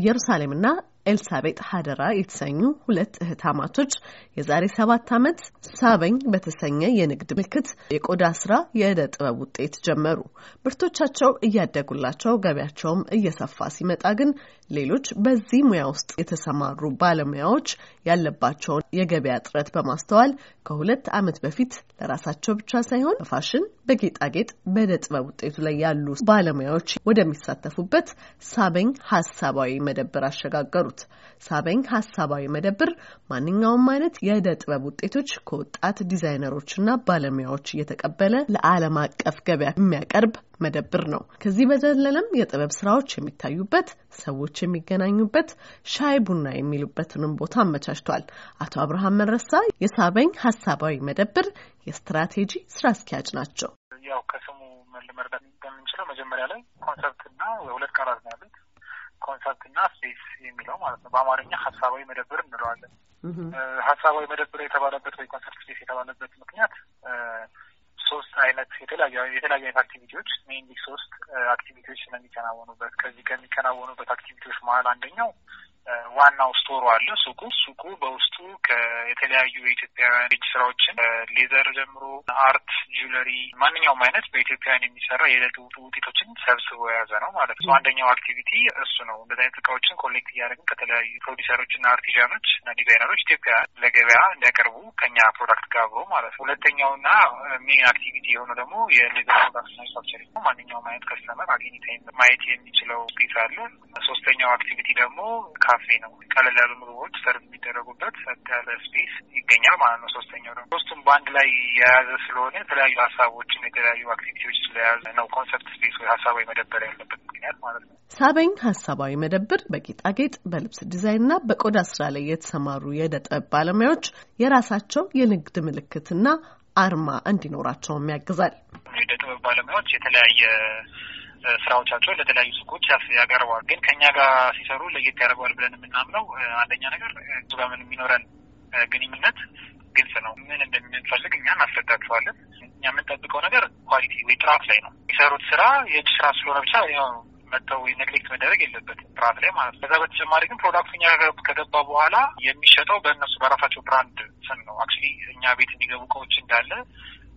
ኢየሩሳሌምና ኤልሳቤጥ ሀደራ የተሰኙ ሁለት እህታማቶች የዛሬ ሰባት ዓመት ሳበኝ በተሰኘ የንግድ ምልክት የቆዳ ስራ የእደ ጥበብ ውጤት ጀመሩ። ምርቶቻቸው እያደጉላቸው ገበያቸውም እየሰፋ ሲመጣ ግን ሌሎች በዚህ ሙያ ውስጥ የተሰማሩ ባለሙያዎች ያለባቸውን የገበያ እጥረት በማስተዋል ከሁለት ዓመት በፊት ለራሳቸው ብቻ ሳይሆን በፋሽን በጌጣጌጥ በዕደ ጥበብ ውጤቱ ላይ ያሉ ባለሙያዎች ወደሚሳተፉበት ሳበኝ ሀሳባዊ መደብር አሸጋገሩት። ሳበኝ ሀሳባዊ መደብር ማንኛውም አይነት የእደ ጥበብ ውጤቶች ከወጣት ዲዛይነሮችና ባለሙያዎች እየተቀበለ ለዓለም አቀፍ ገበያ የሚያቀርብ መደብር ነው። ከዚህ በዘለለም የጥበብ ስራዎች የሚታዩበት፣ ሰዎች የሚገናኙበት፣ ሻይ ቡና የሚሉበትንም ቦታ አመቻችቷል። አቶ አብርሃም መረሳ የሳበኝ ሀሳባዊ መደብር የስትራቴጂ ስራ አስኪያጅ ናቸው። ያው ከስሙ መረዳት እንደምንችለው መጀመሪያ ላይ ኮንሰፕትና ሁለት ቃላት ነው ያሉት ኮንሰፕትና ስፔስ የሚለው ማለት ነው። በአማርኛ ሀሳባዊ መደብር እንለዋለን። ሀሳባዊ መደብር የተባለበት ወይ ኮንሰፕት ስፔስ የተባለበት ምክንያት ሶስት አይነት የተለያዩ የተለያዩ አይነት አክቲቪቲዎች ሜንሊ ሶስት አክቲቪቲዎች uh, ስለሚከናወኑበት ከዚህ ከሚከናወኑበት አክቲቪቲዎች መሀል አንደኛው ዋናው ስቶሩ አለ ሱቁ ሱቁ በውስጡ ከየተለያዩ የኢትዮጵያውያን እጅ ስራዎችን ሌዘር ጀምሮ አርት፣ ጁለሪ፣ ማንኛውም አይነት በኢትዮጵያውያን የሚሰራ የዕለት ውጤቶችን ሰብስቦ የያዘ ነው ማለት ነው። አንደኛው አክቲቪቲ እሱ ነው። እንደዚህ አይነት እቃዎችን ኮሌክት እያደረግን ከተለያዩ ፕሮዲሰሮች እና አርቲዣኖች እና ዲዛይነሮች ኢትዮጵያ ለገበያ እንዲያቀርቡ ከኛ ፕሮዳክት ጋር አብሮ ማለት ነው። ሁለተኛው ሁለተኛውና ሜን አክቲቪቲ የሆነ ደግሞ የሌዘር ፕሮዳክት ማኒፋክቸሪንግ ነው። ማንኛውም አይነት ከስተመር አገኝታ ማየት የሚችለው ስፔስ አለ። ሶስተኛው አክቲቪቲ ደግሞ ካፌ ነው። ቀለል ያሉ ምግቦች ሰርቭ የሚደረጉበት ሰት ያለ ስፔስ ይገኛል ማለት ነው። ሶስተኛው ደግሞ ሶስቱም በአንድ ላይ የያዘ ስለሆነ የተለያዩ ሀሳቦችን የተለያዩ አክቲቪቲዎች ስለያዘ ነው ኮንሰርት ስፔስ ወይ ሀሳባዊ መደበር ያለበት ምክንያት ማለት ነው። ሳበኝ ሀሳባዊ መደብር በጌጣጌጥ በልብስ ዲዛይን ዲዛይንና በቆዳ ስራ ላይ የተሰማሩ የዕደ ጥበብ ባለሙያዎች የራሳቸው የንግድ ምልክትና አርማ እንዲኖራቸውም ያግዛል። የዕደ ጥበብ ባለሙያዎች የተለያየ ስራዎቻቸውን ለተለያዩ ሱቆች ያቀርበዋል። ግን ከኛ ጋር ሲሰሩ ለየት ያደርገዋል ብለን የምናምነው አንደኛ ነገር እሱ ጋር ምን የሚኖረን ግንኙነት ግልጽ ነው። ምን እንደምንፈልግ እኛ እናስረዳቸዋለን። እኛ የምንጠብቀው ነገር ኳሊቲ ወይ ጥራት ላይ ነው። የሚሰሩት ስራ የእጅ ስራ ስለሆነ ብቻ መጥተው ነግሌክት መደረግ የለበትም ጥራት ላይ ማለት ነው። ከዛ በተጨማሪ ግን ፕሮዳክቱ እኛ ከገባ በኋላ የሚሸጠው በእነሱ በራሳቸው ብራንድ ስም ነው። አክቹዋሊ እኛ ቤት የሚገቡ እቃዎች እንዳለ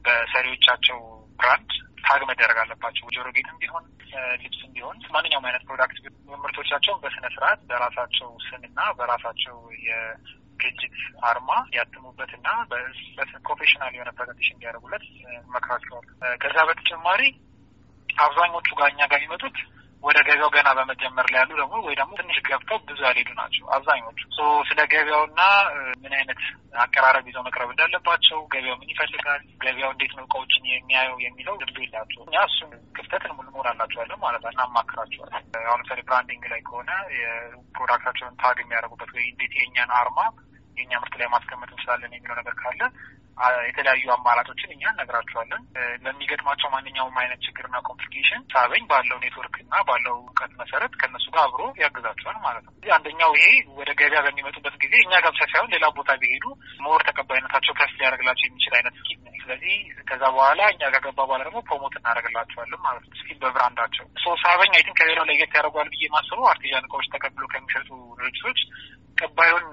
በሰሪዎቻቸው ብራንድ ታግ መደረግ አለባቸው። ጆሮ ጌትም ቢሆን ልብስም ቢሆን ማንኛውም አይነት ፕሮዳክት ምርቶቻቸውን በስነ ስርዓት በራሳቸው ስምና በራሳቸው የድርጅት አርማ ያትሙበትና ፕሮፌሽናል የሆነ ፕሬዘንቴሽን እንዲያደርጉለት መክራቸዋል። ከዛ በተጨማሪ አብዛኞቹ ጋር እኛ ጋር የሚመጡት ወደ ገበያው ገና በመጀመር ላይ ያሉ ደግሞ ወይ ደግሞ ትንሽ ገብተው ብዙ ያልሄዱ ናቸው አብዛኞቹ። ስለ ገበያውና ምን አይነት አቀራረብ ይዘው መቅረብ እንዳለባቸው፣ ገበያው ምን ይፈልጋል፣ ገበያው እንዴት ነው እቃዎችን የሚያየው የሚለው ልብ የላቸው። እኛ እሱን ክፍተትን ሙሉ መሆን አላቸዋለን ማለት እናማክራቸዋለን። አሁን ለምሳሌ ብራንዲንግ ላይ ከሆነ የፕሮዳክታቸውን ታግ የሚያደርጉበት ወይ እንዴት የእኛን አርማ የእኛ ምርት ላይ ማስቀመጥ እንችላለን የሚለው ነገር ካለ የተለያዩ አማራጮችን እኛ እነግራቸዋለን። ለሚገጥማቸው ማንኛውም አይነት ችግርና ኮምፕሊኬሽን ሳበኝ ባለው ኔትወርክ እና ባለው እውቀት መሰረት ከእነሱ ጋር አብሮ ያግዛቸዋል ማለት ነው። አንደኛው ይሄ ወደ ገበያ በሚመጡበት ጊዜ እኛ ጋር ብቻ ሳይሆን ሌላ ቦታ ቢሄዱ ሞር ተቀባይነታቸው ከፍ ሊያደርግላቸው የሚችል አይነት ስኪል ነው። ስለዚህ ከዛ በኋላ እኛ ገባ በኋላ ደግሞ ፕሮሞት እናደርግላቸዋለን ማለት ነው። ስኪል በብራንዳቸው ሶ ሳበኝ አይ ከሌላው ለየት ያደርጓል ብዬ ማስበው አርቲዣን እቃዎች ተቀብሎ ከሚሸጡ ድርጅቶች ቀባዩን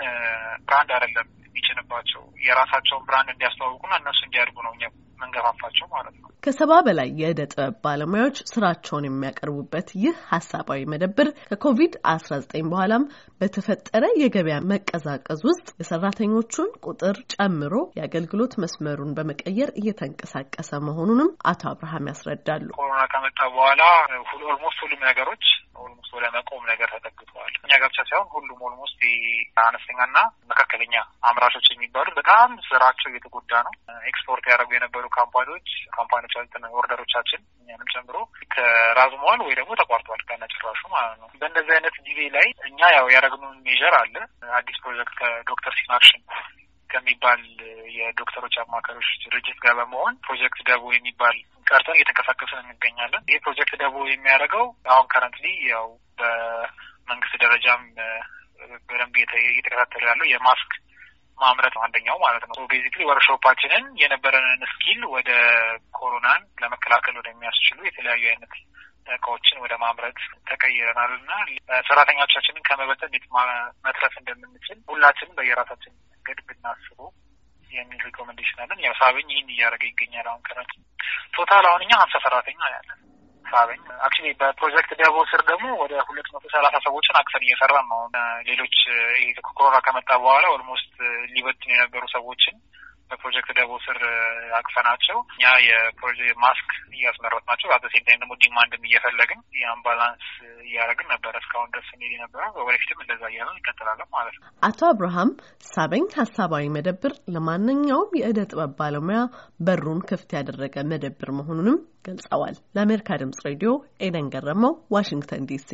ብራንድ አይደለም የምንችልባቸው የራሳቸውን ብራንድ እንዲያስተዋውቁና እነሱ እንዲያድጉ ነው እኛ መንገፋፋቸው ማለት ነው። ከሰባ በላይ የእደ ጥበብ ባለሙያዎች ስራቸውን የሚያቀርቡበት ይህ ሀሳባዊ መደብር ከኮቪድ አስራ ዘጠኝ በኋላም በተፈጠረ የገበያ መቀዛቀዝ ውስጥ የሰራተኞቹን ቁጥር ጨምሮ የአገልግሎት መስመሩን በመቀየር እየተንቀሳቀሰ መሆኑንም አቶ አብርሃም ያስረዳሉ። ኮሮና ከመጣ በኋላ ኦልሞስት ሁሉም ነገሮች ኦልሞስት ወደ መቆም ነገር ተጠግተዋል። እኛ ጋር ብቻ ሳይሆን ሁሉም ኦልሞስት አነስተኛና መካከለኛ አምራቾች የሚባሉት በጣም ስራቸው እየተጎዳ ነው። ኤክስፖርት ያደረጉ የነበሩ ካምፓኒዎች ካምፓኒዎች ኦርደሮቻችን እኛንም ጨምሮ ተራዝመዋል ወይ ደግሞ ተቋርጧል ከነጭራሹ ማለት ነው። በእንደዚህ አይነት ጊዜ ላይ እኛ ያው ያደረግነውን ሜዥር አለ አዲስ ፕሮጀክት ከዶክተር ሲናክሽን ከሚባል የዶክተሮች አማካሪዎች ድርጅት ጋር በመሆን ፕሮጀክት ደቡ የሚባል ቀርተን እየተንቀሳቀስን እንገኛለን። ይህ ፕሮጀክት ደግሞ የሚያደርገው አሁን ከረንትሊ ያው በመንግስት ደረጃም በደንብ እየተከታተለ ያለው የማስክ ማምረት አንደኛው ማለት ነው። ቤዚክሊ ወርክሾፓችንን የነበረንን ስኪል ወደ ኮሮናን ለመከላከል ወደሚያስችሉ የተለያዩ አይነት እቃዎችን ወደ ማምረት ተቀይረናል እና ሰራተኞቻችንን ከመበተን እንዴት መትረፍ እንደምንችል ሁላችንም በየራሳችን መንገድ ብናስቡ የሚል ሪኮሜንዴሽን አለን። ያው ሳበኝ ይህን እያደረገ ይገኛል። አሁን ከራች ቶታል አሁን እኛ ሀምሳ ሰራተኛ ያለን ሳበኝ አክቹዋሊ በፕሮጀክት ደቦ ስር ደግሞ ወደ ሁለት መቶ ሰላሳ ሰዎችን አክሰን እየሰራን ነው። ሌሎች ኮሮና ከመጣ በኋላ ኦልሞስት ሊበትን የነበሩ ሰዎችን በፕሮጀክት ደቦ ስር አቅፈናቸው እኛ የፕሮጀክት ማስክ እያስመረጥናቸው አዘሴም ታይም ደግሞ ዲማንድም እየፈለግን የአምባላንስ እያደረግን ነበረ። እስካሁን ደስ ሚል ነበረ። ወደፊትም እንደዛ እያለን እንቀጥላለን ማለት ነው። አቶ አብርሃም ሳበኝ ሀሳባዊ መደብር ለማንኛውም የእደ ጥበብ ባለሙያ በሩን ክፍት ያደረገ መደብር መሆኑንም ገልጸዋል። ለአሜሪካ ድምጽ ሬዲዮ ኤደን ገረመው፣ ዋሽንግተን ዲሲ